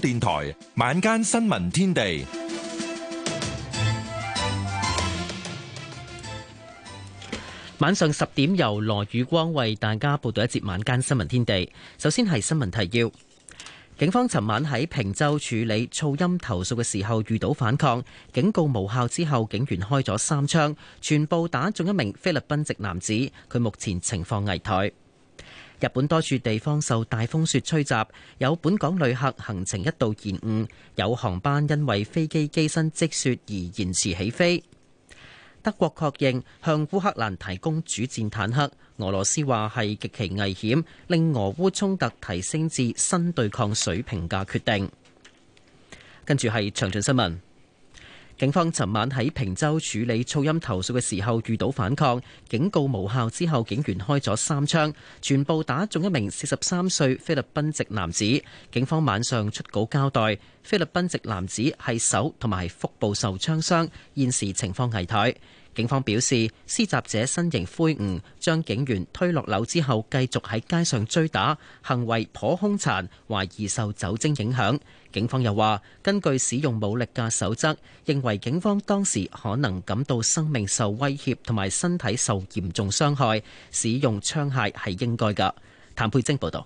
電台晚間新聞天地，晚上十點由羅宇光為大家報道一節晚間新聞天地。首先係新聞提要：警方尋晚喺坪洲處理噪音投訴嘅時候遇到反抗，警告無效之後，警員開咗三槍，全部打中一名菲律賓籍男子，佢目前情況危殆。日本多處地方受大風雪吹襲，有本港旅客行程一度延誤，有航班因為飛機機身積雪而延遲起飛。德國確認向烏克蘭提供主戰坦克，俄羅斯話係極其危險，令俄烏衝突提升至新對抗水平嘅決定。跟住係詳盡新聞。警方昨晚喺坪洲處理噪音投訴嘅時候，遇到反抗，警告無效之後，警員開咗三槍，全部打中一名四十三歲菲律賓籍男子。警方晚上出稿交代，菲律賓籍男子係手同埋腹部受槍傷，現時情況危殆。警方表示，施襲者身形魁梧，將警員推落樓之後，繼續喺街上追打，行為頗兇殘，懷疑受酒精影響。警方又話，根據使用武力嘅守則，認為警方當時可能感到生命受威脅，同埋身體受嚴重傷害，使用槍械係應該㗎。譚佩晶報導，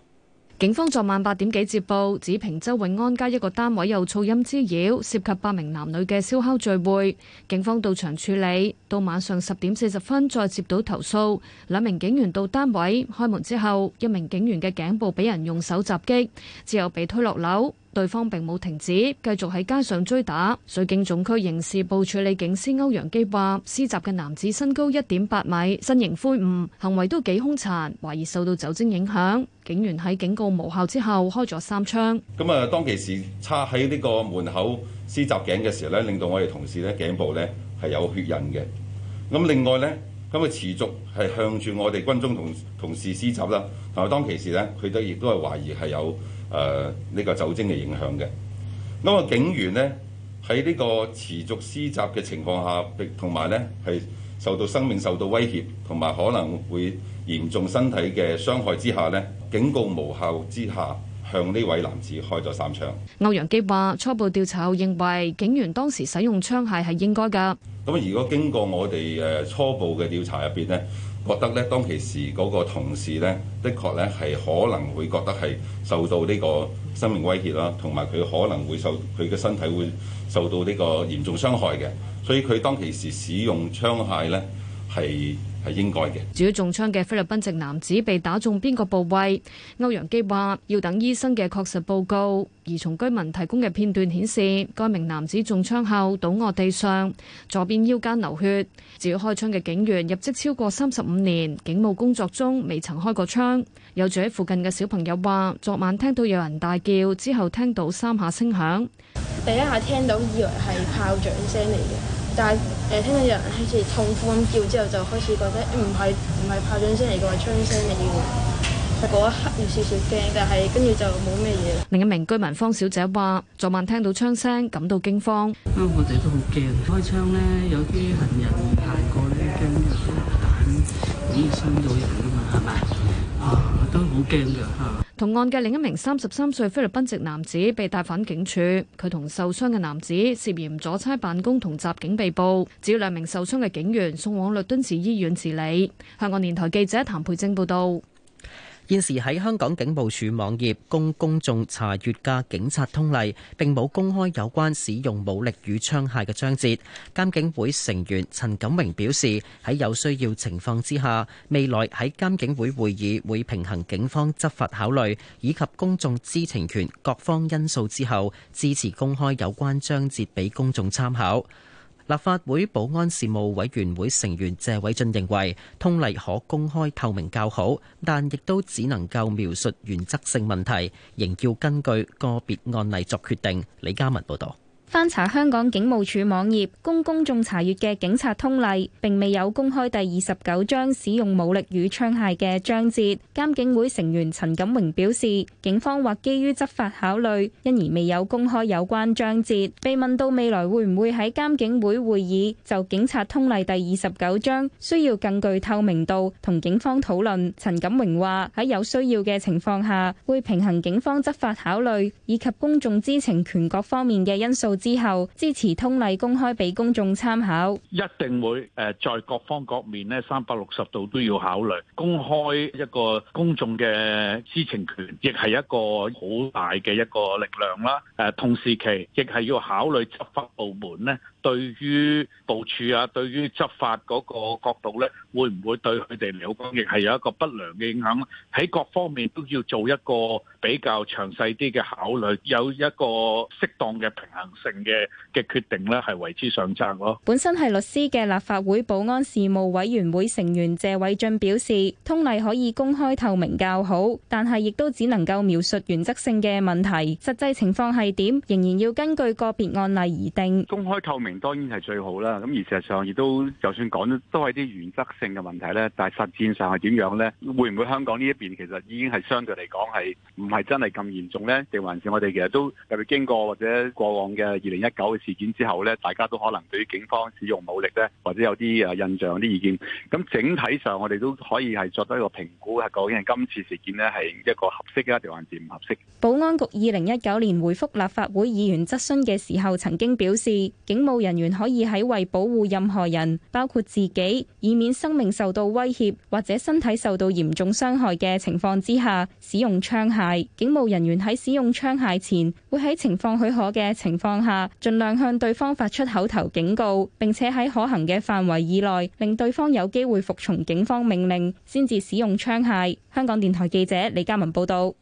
警方昨晚八點幾接報，指坪洲永安街一個單位有噪音滋擾，涉及八名男女嘅燒烤聚會。警方到場處理，到晚上十點四十分再接到投訴，兩名警員到單位開門之後，一名警員嘅頸部俾人用手襲擊，之後被推落樓。對方並冇停止，繼續喺街上追打。水警總區刑事部處理警司歐陽基話，施襲嘅男子身高一點八米，身形魁梧，行為都幾兇殘，懷疑受到酒精影響。警員喺警告無效之後，開咗三槍。咁啊，當其時插喺呢個門口施襲頸嘅時候呢，令到我哋同事呢頸部呢係有血印嘅。咁另外呢，咁佢持續係向住我哋軍中同同事施襲啦。但係當其時呢，佢都亦都係懷疑係有。誒呢、呃這個酒精嘅影響嘅，咁啊警員呢喺呢個持續施襲嘅情況下，同埋呢係受到生命受到威脅，同埋可能會嚴重身體嘅傷害之下呢，警告無效之下，向呢位男子開咗三槍。歐陽基話：初步調查後認為警員當時使用槍械係應該㗎。咁、呃、如果經過我哋誒初步嘅調查，入邊呢。覺得呢，當其時嗰個同事呢，的確呢係可能會覺得係受到呢個生命威脅啦，同埋佢可能會受，佢嘅身體會受到呢個嚴重傷害嘅，所以佢當其時使用槍械呢係係應該嘅。至於中槍嘅菲律賓籍男子被打中邊個部位，歐陽基話要等醫生嘅確實報告。而從居民提供嘅片段顯示，該名男子中槍後倒卧地上，左邊腰間流血。至於開槍嘅警員入職超過三十五年，警務工作中未曾開過槍。有住喺附近嘅小朋友話，昨晚聽到有人大叫，之後聽到三下聲響，第一下聽到以為係炮仗聲嚟嘅。但係誒、呃、聽到有人好似痛苦咁叫之後，就開始覺得唔係唔係炮仗聲嚟嘅話，槍聲嚟嘅喎。喺嗰一刻有少少驚，但係跟住就冇咩嘢。另一名居民方小姐話，昨晚聽到槍聲，感到驚慌。啊、我哋都好驚，開槍咧，有啲行人行過咧，驚有飛彈，會傷到人啊嘛，係咪？啊，都好驚㗎嚇。同案嘅另一名三十三歲菲律賓籍男子被帶返警署，佢同受傷嘅男子涉嫌阻差辦公同襲警被捕，至於兩名受傷嘅警員送往律敦治醫院治理。香港電台記者譚佩晶報道。現時喺香港警務處網頁供公眾查閱嘅警察通例並冇公開有關使用武力與槍械嘅章節。監警會成員陳錦榮表示，喺有需要情況之下，未來喺監警會會議會平衡警方執法考慮以及公眾知情權各方因素之後，支持公開有關章節俾公眾參考。立法會保安事務委員會成員謝偉俊認為，通例可公開透明較好，但亦都只能夠描述原則性問題，仍要根據個別案例作決定。李嘉文報道。翻查香港警務處網頁，供公眾查閱嘅警察通例，並未有公開第二十九章使用武力與槍械嘅章節。監警會成員陳錦榮表示，警方或基於執法考慮，因而未有公開有關章節。被問到未來會唔會喺監警會會議就警察通例第二十九章需要更具透明度同警方討論，陳錦榮話，喺有需要嘅情況下，會平衡警方執法考慮以及公眾知情權各方面嘅因素。之後支持通例公開俾公眾參考，一定會誒，在各方各面呢，三百六十度都要考慮公開一個公眾嘅知情權，亦係一個好大嘅一個力量啦。誒同時期亦係要考慮執法部門呢，對於部署啊，對於執法嗰個角度呢，會唔會對佢哋嚟講亦係有一個不良嘅影響？喺各方面都要做一個比較詳細啲嘅考慮，有一個適當嘅平衡。定嘅嘅決定呢，係為之上策咯。本身係律師嘅立法會保安事務委員會成員謝偉俊表示，通例可以公開透明較好，但係亦都只能夠描述原則性嘅問題，實際情況係點，仍然要根據個別案例而定。公開透明當然係最好啦。咁而事實上，亦都就算講都係啲原則性嘅問題咧，但係實踐上係點樣咧？會唔會香港呢一邊其實已經係相對嚟講，係唔係真係咁嚴重咧？定還是我哋其實都特別經過或者過往嘅？二零一九嘅事件之後咧，大家都可能對於警方使用武力咧，或者有啲誒印象、啲意見。咁整體上，我哋都可以係作多一個評估，係究竟今次事件咧係一個合適咧，定還是唔合適？保安局二零一九年回覆立法會議員質詢嘅時候，曾經表示，警務人員可以喺為保護任何人，包括自己，以免生命受到威脅或者身體受到嚴重傷害嘅情況之下，使用槍械。警務人員喺使用槍械前，會喺情況許可嘅情況。下盡量向對方發出口頭警告，並且喺可行嘅範圍以內，令對方有機會服從警方命令，先至使用槍械。香港電台記者李嘉文報道。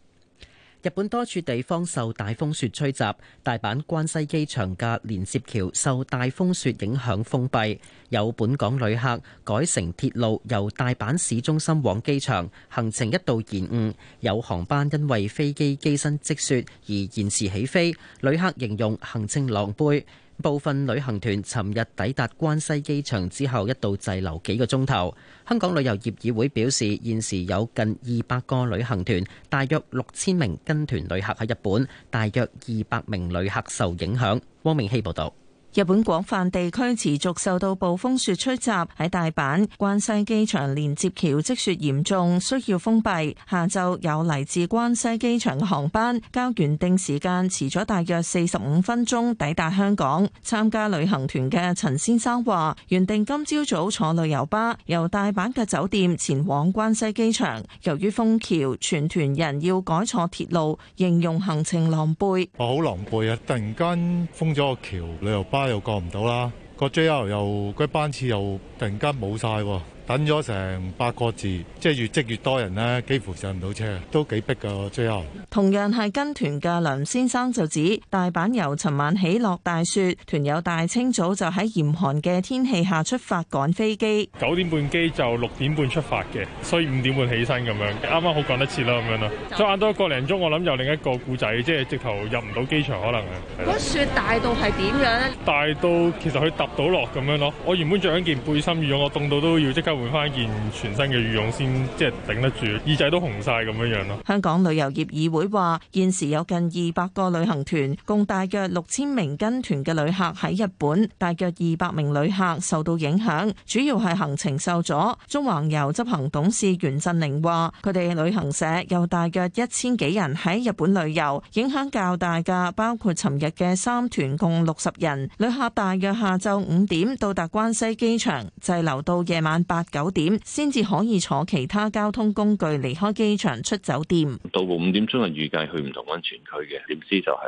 日本多處地方受大風雪吹襲，大阪關西機場嘅連接橋受大風雪影響封閉，有本港旅客改乘鐵路由大阪市中心往機場，行程一度延誤。有航班因為飛機機身積雪而延遲起飛，旅客形容行程狼狽。部分旅行團尋日抵達關西機場之後，一度滯留幾個鐘頭。香港旅遊業議會表示，現時有近二百個旅行團，大約六千名跟團旅客喺日本，大約二百名旅客受影響。汪明希報道。日本廣泛地區持續受到暴風雪吹襲，喺大阪關西機場連接橋積雪嚴重，需要封閉。下晝有嚟自關西機場嘅航班，交原定時間遲咗大約四十五分鐘抵達香港。參加旅行團嘅陳先生話：原定今朝早坐旅遊巴由大阪嘅酒店前往關西機場，由於封橋，全團人要改坐鐵路，形容行程狼狽。我好狼狽啊！突然間封咗個橋，旅遊巴。又過唔到啦，個 JR 又個班次又突然間冇晒。等咗成八個字，即係越積越多人咧，幾乎上唔到車，都幾逼噶。最後同樣係跟團嘅梁先生就指大阪由尋晚起落大雪，團友大清早就喺嚴寒嘅天氣下出發趕飛機。九點半機就六點半出發嘅，所以五點半起身咁樣，啱啱好趕得切啦咁樣咯。再晏多一個零鐘，我諗又另一個故仔，即係直頭入唔到機場可能啊。個雪大到係點樣？大到其實佢揼到落咁樣咯。我原本着一件背心，羽絨，我凍到都要即刻。換翻件全新嘅羽絨先，即係頂得住。耳仔都紅晒咁樣樣咯。香港旅遊業議會話現時有近二百個旅行團，共大約六千名跟團嘅旅客喺日本，大約二百名旅客受到影響，主要係行程受阻。縱橫遊執行董事袁振寧話，佢哋旅行社有大約一千幾人喺日本旅遊，影響較大嘅，包括尋日嘅三團共六十人旅客，大約下晝五點到達關西機場滯留到夜晚八九點先至可以坐其他交通工具離開機場出酒店。到五點鐘，係預計去唔同溫泉區嘅，點知就係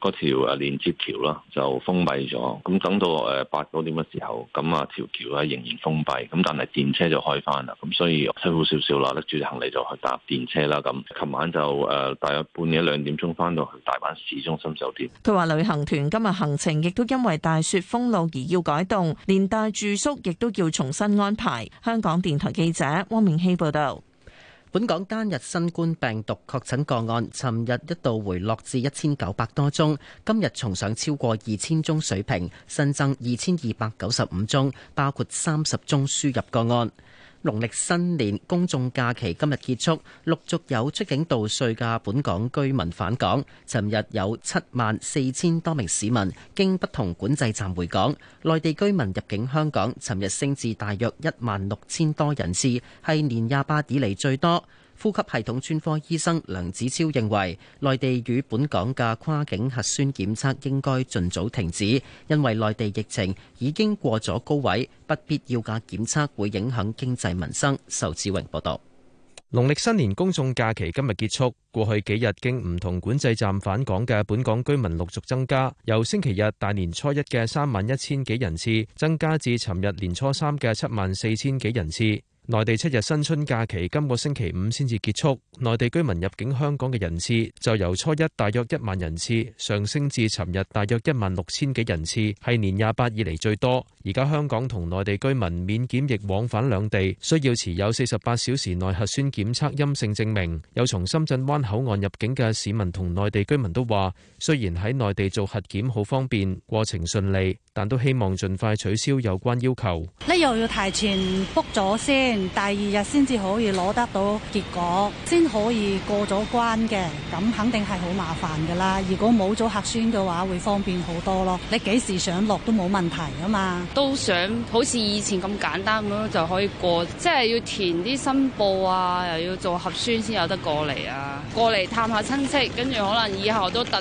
誒個條誒連接橋啦就封閉咗。咁等到誒八九點嘅時候，咁啊條橋啊仍然封閉，咁但係電車就開翻啦。咁所以辛苦少少啦，拎住行李就去搭電車啦。咁琴晚就誒大約半夜兩點鐘翻到去大阪市中心酒店。佢話旅行團今日行程亦都因為大雪封路而要改動，連帶住宿亦都要重新安排。香港電台記者汪明希報道，本港單日新冠病毒確診個案，尋日一度回落至一千九百多宗，今日重上超過二千宗水平，新增二千二百九十五宗，包括三十宗輸入個案。農曆新年公眾假期今日結束，陸續有出境度歲嘅本港居民返港。尋日有七萬四千多名市民經不同管制站回港，內地居民入境香港尋日升至大約一萬六千多人次，係年廿八以嚟最多。呼吸系統專科醫生梁子超認為，內地與本港嘅跨境核酸檢測應該盡早停止，因為內地疫情已經過咗高位，不必要嘅檢測會影響經濟民生。仇志榮報導。農曆新年公眾假期今日結束，過去幾日經唔同管制站返港嘅本港居民陸續增加，由星期日大年初一嘅三萬一千幾人次，增加至尋日年初三嘅七萬四千幾人次。內地七日新春假期今個星期五先至結束，內地居民入境香港嘅人次就由初一大約一萬人次上升至尋日大約一萬六千幾人次，係年廿八以嚟最多。而家香港同內地居民免檢疫往返兩地，需要持有四十八小時內核酸檢測陰性證明。有從深圳灣口岸入境嘅市民同內地居民都話，雖然喺內地做核檢好方便，過程順利，但都希望盡快取消有關要求。你又要提前 book 咗先，第二日先至可以攞得到結果，先可以過咗關嘅，咁肯定係好麻煩㗎啦。如果冇咗核酸嘅話，會方便好多咯。你幾時上落都冇問題啊嘛。都想好似以前咁簡單咁樣就可以過，即係要填啲申報啊，又要做核酸先有得過嚟啊。過嚟探下親戚，跟住可能以後都等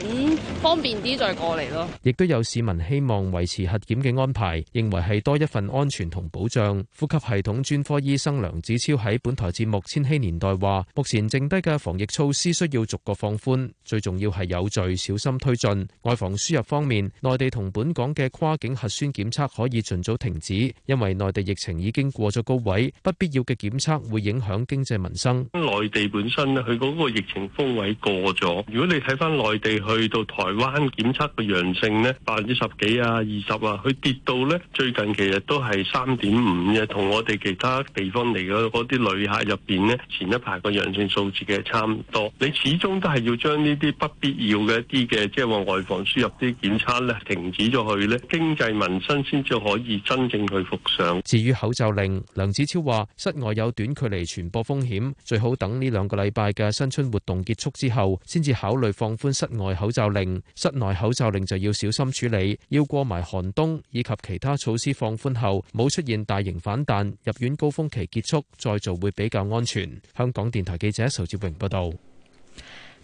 方便啲再過嚟咯啊。亦都有市民希望維持核檢嘅安排，認為係多一份安全同保障。呼吸系統專科醫，醫生梁子超喺本台節目《千禧年代》話：目前剩低嘅防疫措施需要逐個放寬，最重要係有序小心推進外防輸入方面，內地同本港嘅跨境核酸檢測可以要盡早停止，因為內地疫情已經過咗高位，不必要嘅檢測會影響經濟民生。內地本身咧，佢嗰個疫情峰位過咗。如果你睇翻內地去到台灣檢測嘅陽性呢，百分之十幾啊、二十啊，佢跌到呢，最近其實都係三點五嘅，同我哋其他地方嚟嘅嗰啲旅客入邊呢，前一排個陽性數字嘅差唔多。你始終都係要將呢啲不必要嘅一啲嘅，即係話外防輸入啲檢測呢，停止咗去呢，經濟民生先至。可以真正去服上。至於口罩令，梁子超話：室外有短距離傳播風險，最好等呢兩個禮拜嘅新春活動結束之後，先至考慮放寬室外口罩令。室內口罩令就要小心處理，要過埋寒冬以及其他措施放寬後，冇出現大型反彈，入院高峰期結束再做會比較安全。香港電台記者仇志榮報道。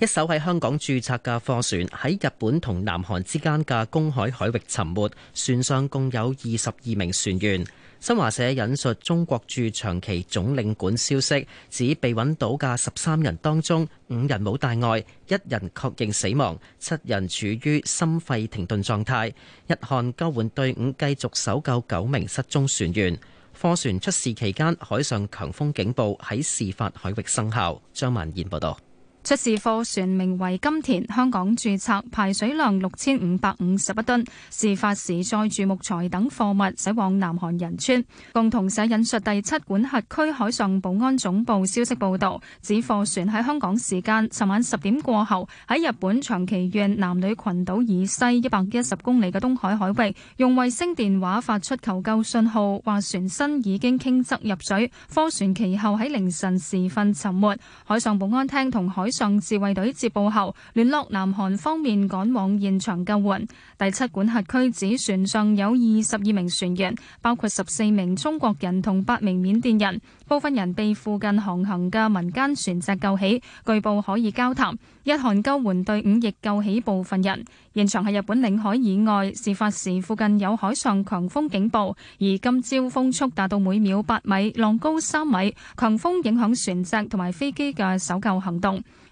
一艘喺香港註冊嘅貨船喺日本同南韓之間嘅公海海域沉沒，船上共有二十二名船員，新華社引述中國駐長期總領館消息，指被揾到嘅十三人當中，五人冇大礙，一人確認死亡，七人處於心肺停頓狀態，日韓救援隊伍繼續搜救九名失蹤船員，貨船出事期間，海上強風警報喺事發海域生效。張曼燕報道。出事貨船名為金田，香港註冊，排水量六千五百五十一噸。事發時載住木材等貨物，駛往南韓仁川。共同社引述第七管轄區海上保安總部消息報道，指貨船喺香港時間尋晚十點過後，喺日本長崎縣男女群島以西一百一十公里嘅東海海域，用衛星電話發出求救信號，話船身已經傾側入水。貨船其後喺凌晨時分沉沒。海上保安廳同海上自衛隊接報後，聯絡南韓方面趕往現場救援。第七管轄區指船上有二十二名船員，包括十四名中國人同八名緬甸人，部分人被附近航行嘅民間船隻救起，據報可以交談。日韓救援隊伍亦救起部分人。現場係日本領海以外，事發時附近有海上強風警報，而今朝風速達到每秒八米，浪高三米，強風影響船隻同埋飛機嘅搜救行動。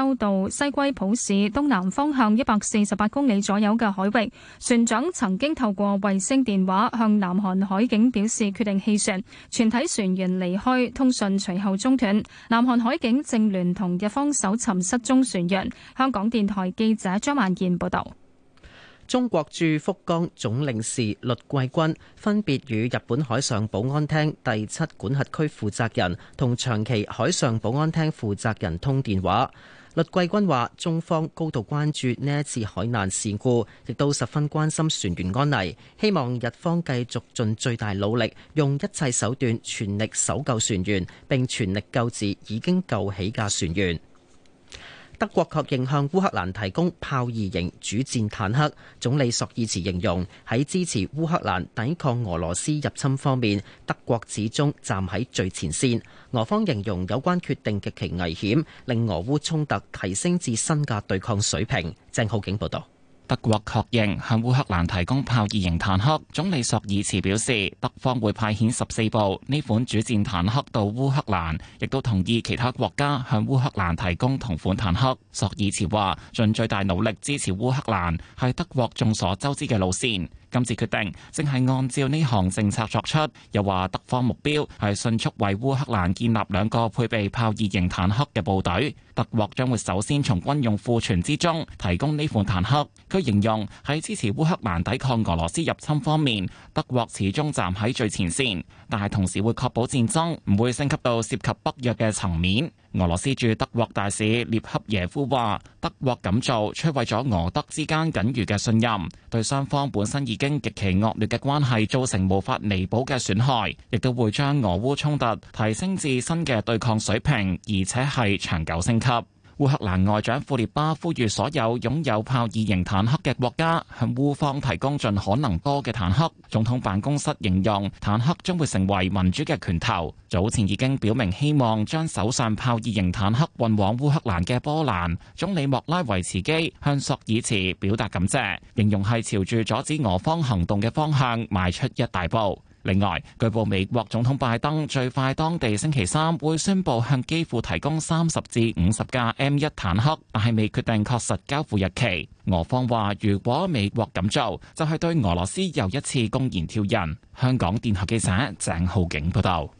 州道西歸浦市東南方向一百四十八公里左右嘅海域，船長曾經透過衛星電話向南韓海警表示決定棄船，全體船員離開，通訊隨後中斷。南韓海警正聯同日方搜尋失蹤船員。香港電台記者張萬健報道。中國駐福岡總領事陸桂軍分別與日本海上保安廳第七管轄區負責人同長期海上保安廳負責人通電話。律桂君話：中方高度關注呢一次海難事故，亦都十分關心船員安危，希望日方繼續盡最大努力，用一切手段全力搜救船員，並全力救治已經救起嘅船員。德國確認向烏克蘭提供豹二型主戰坦克。總理朔爾茨形容喺支持烏克蘭抵抗俄羅斯入侵方面，德國始終站喺最前線。俄方形容有關決定極其危險，令俄烏衝突提升至新嘅對抗水平。鄭浩景報道。德國確認向烏克蘭提供豹二型坦克，總理朔爾茨表示，德方會派遣十四部呢款主戰坦克到烏克蘭，亦都同意其他國家向烏克蘭提供同款坦克。朔爾茨話：盡最大努力支持烏克蘭，係德國眾所周知嘅路線。今次決定正係按照呢項政策作出，又話德方目標係迅速為烏克蘭建立兩個配備豹二型坦克嘅部隊。德國將會首先從軍用庫存之中提供呢款坦克。佢形容喺支持烏克蘭抵抗俄羅斯入侵方面，德國始終站喺最前線，但係同時會確保戰爭唔會升級到涉及北約嘅層面。俄羅斯駐德國大使列克耶夫話：德國咁做，摧毀咗俄德之間僅餘嘅信任，對雙方本身已經極其惡劣嘅關係造成無法彌補嘅損害，亦都會將俄烏衝突提升至新嘅對抗水平，而且係長久升級。烏克蘭外長庫列巴呼籲所有擁有豹二型坦克嘅國家向烏方提供盡可能多嘅坦克。總統辦公室形容坦克將會成為民主嘅拳頭。早前已經表明希望將手上豹二型坦克運往烏克蘭嘅波蘭總理莫拉維茨基向索爾茨表達感謝，形容係朝住阻止俄方行動嘅方向邁出一大步。另外，據報美國總統拜登最快當地星期三會宣布向基輔提供三十至五十架 M1 坦克，但係未決定確實交付日期。俄方話，如果美國咁做，就係、是、對俄羅斯又一次公然挑釁。香港電台記者鄭浩景報道。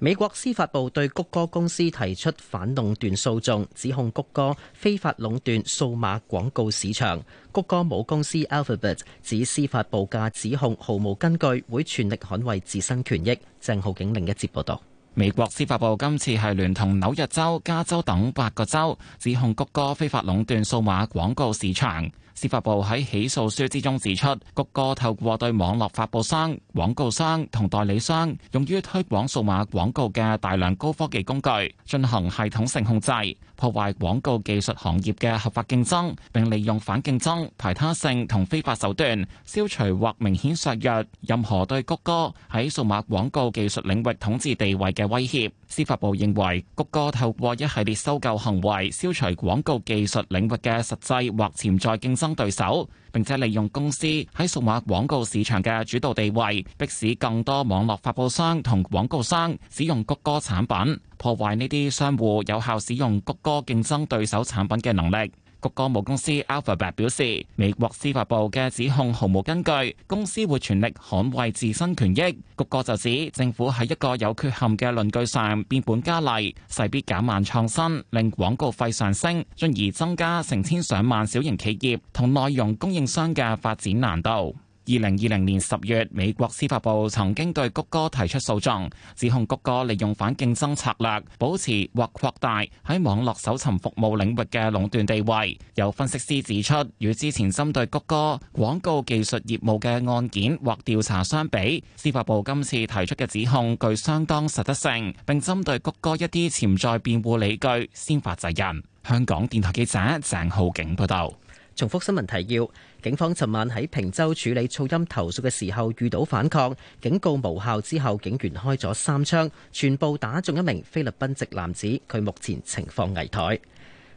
美國司法部對谷歌公司提出反壟斷訴訟，指控谷歌非法壟斷數碼廣告市場。谷歌母公司 Alphabet 指司法部嘅指控毫無根據，會全力捍衞自身權益。鄭浩景另一節報導，美國司法部今次係聯同紐約州、加州等八個州，指控谷歌非法壟斷數碼廣告市場。司法部喺起訴書之中指出，谷歌透過對網絡發佈商、廣告商同代理商，用於推廣數碼廣告嘅大量高科技工具進行系統性控制，破壞廣告技術行業嘅合法競爭，並利用反競爭、排他性同非法手段消除或明顯削弱任何對谷歌喺數碼廣告技術領域統治地位嘅威脅。司法部認為，谷歌透過一系列收購行為消除廣告技術領域嘅實際或潛在競爭。對手，並且利用公司喺數碼廣告市場嘅主導地位，迫使更多網絡發佈商同廣告商使用谷歌產品，破壞呢啲商戶有效使用谷歌競爭對手產品嘅能力。谷歌母公司 Alphabet 表示，美國司法部嘅指控毫無根據，公司會全力捍衛自身權益。谷歌就指，政府喺一個有缺陷嘅論據上變本加厲，勢必減慢創新，令廣告費上升，進而增加成千上萬小型企業同內容供應商嘅發展難度。二零二零年十月，美國司法部曾經對谷歌提出訴訟，指控谷歌利用反競爭策略，保持或擴大喺網絡搜尋服務領域嘅壟斷地位。有分析師指出，與之前針對谷歌廣告技術業務嘅案件或調查相比，司法部今次提出嘅指控具相當實質性，並針對谷歌一啲潛在辯護理據先發制人。香港電台記者鄭浩景報道。重複新聞提要：警方尋晚喺坪洲處理噪音投訴嘅時候，遇到反抗，警告無效之後，警員開咗三槍，全部打中一名菲律賓籍男子，佢目前情況危殆。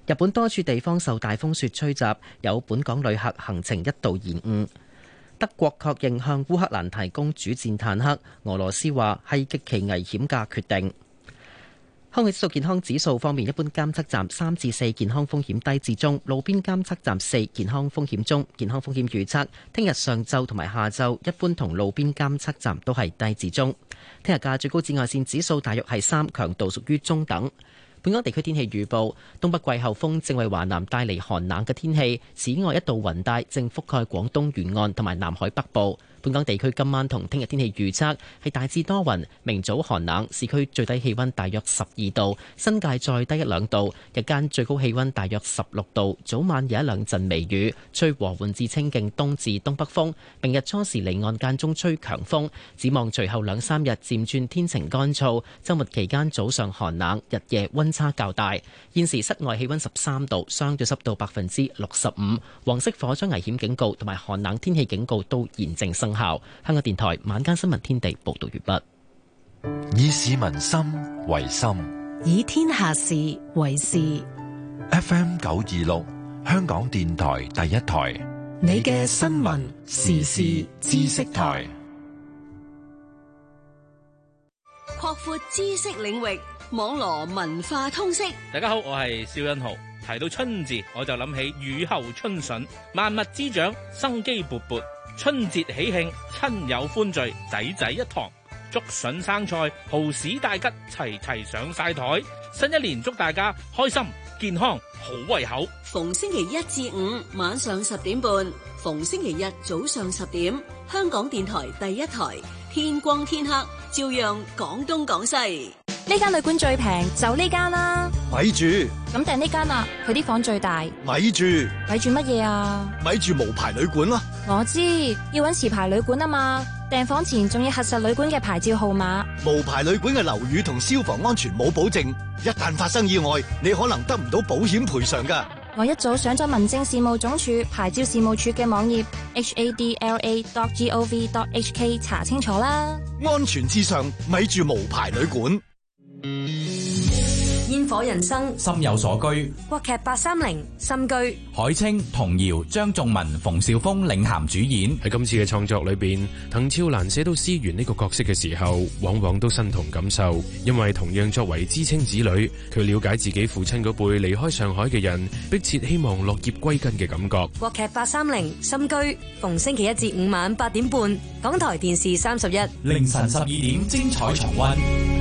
日本多處地方受大風雪吹襲，有本港旅客行程一度延誤。德國確認向烏克蘭提供主戰坦克，俄羅斯話係極其危險嘅決定。空氣質素健康指數方面，一般監測站三至四，健康風險低至中；路邊監測站四，健康風險中。健康風險預測，聽日上晝同埋下晝，一般同路邊監測站都係低至中。聽日嘅最高紫外線指數大約係三，強度屬於中等。本港地區天氣預報：東北季候風正為華南帶嚟寒冷嘅天氣，此外，一道雲帶正覆蓋廣東沿岸同埋南海北部。本港地區今晚同聽日天氣預測係大致多雲，明早寒冷，市區最低氣溫大約十二度，新界再低一兩度。日間最高氣溫大約十六度，早晚有一兩陣微雨，吹和緩至清勁東至東北風。明日初時離岸間中吹強風，指望隨後兩三日漸轉天晴乾燥。週末期間早上寒冷，日夜溫差較大。現時室外氣溫十三度，相對濕度百分之六十五。黃色火災危險警告同埋寒冷天氣警告都現正生效。校香港電台晚間新聞天地報道完畢，以市民心為心，以天下事為事。FM 九二六，香港電台第一台，你嘅新聞時事知識台，擴闊知識領域，網羅文化通識。大家好，我係邵恩豪。提到春字，我就諗起雨後春筍，萬物滋長，生機勃勃。春節喜慶，親友歡聚，仔仔一堂，竹筍生菜，蠔豉大吉，齊齊上晒台新一年祝大家開心、健康、好胃口。逢星期一至五晚上十點半，逢星期日早上十點，香港電台第一台，天光天黑，照樣講東講西。呢間旅館最平，就呢間啦。咪住著，咁訂呢間啦，佢啲房最大。咪住著，咪住乜嘢啊？咪住無牌旅館啦。我知要揾持牌旅館啊嘛，訂房前仲要核實旅館嘅牌照號碼。無牌旅館嘅樓宇同消防安全冇保證，一旦發生意外，你可能得唔到保險賠償噶。我一早上咗民政事務總署牌照事務處嘅網頁 hadla.gov.hk 查清楚啦。安全至上，咪住無牌旅館。煙火人生，心有所居。國劇八三零新居，海清、童瑤、張仲文、馮紹峰領銜主演。喺今次嘅創作裏邊，滕超蘭寫到思源呢個角色嘅時候，往往都身同感受，因為同樣作為知青子女，佢了解自己父親嗰輩離開上海嘅人，迫切希望落葉歸根嘅感覺。國劇八三零新居，逢星期一至五晚八點半，港台電視三十一，凌晨十二點精彩重溫。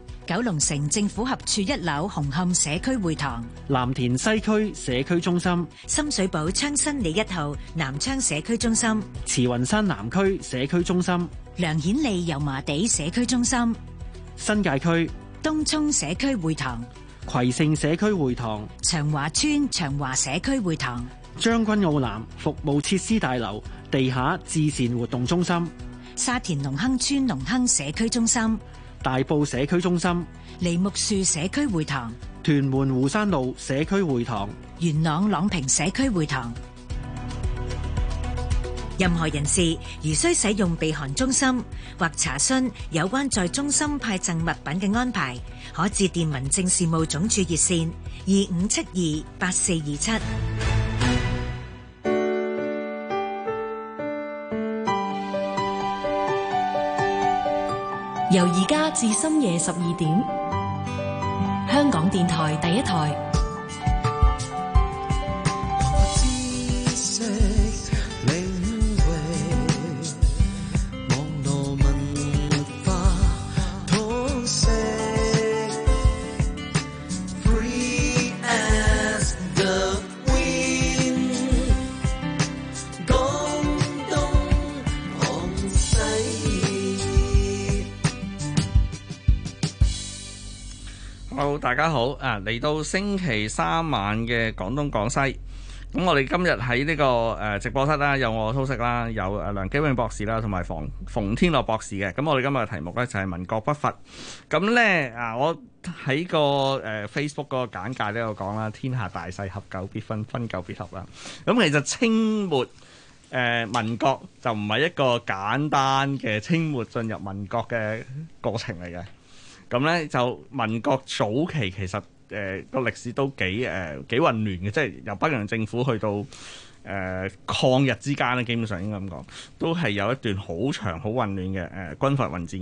九龍城政府合署一樓紅磡社區會堂、藍田西區社區中心、深水埗昌新里一號南昌社區中心、慈雲山南區社區中心、梁顯利油麻地社區中心、新界區東涌社區會堂、葵盛社區會堂、長華邨長華社區會堂、將軍澳南服務設施大樓地下至善活動中心、沙田隆亨邨隆亨社區中心。大埔社區中心、梨木樹社區會堂、屯門湖山路社區會堂、元朗朗屏社區會堂，任何人士如需使用避寒中心或查詢有關在中心派贈物品嘅安排，可致電民政事務總署熱線二五七二八四二七。由而家至深夜十二點，香港電台第一台。Hello，大家好！啊，嚟到星期三晚嘅廣東廣西，咁我哋今日喺呢個誒直播室啦，有我蘇軾啦，有誒梁基永博士啦，同埋馮馮天樂博士嘅。咁我哋今日嘅題目咧就係民國北伐。咁咧啊，我喺個誒 Facebook 嗰個簡介呢度講啦，天下大勢合久必分，分久必合啦。咁其實清末誒民國就唔係一個簡單嘅清末進入民國嘅過程嚟嘅。咁咧就民國早期其實誒個歷史都幾誒、呃、幾混亂嘅，即係由北洋政府去到誒、呃、抗日之間咧，基本上應該咁講，都係有一段好長好混亂嘅誒軍閥混戰。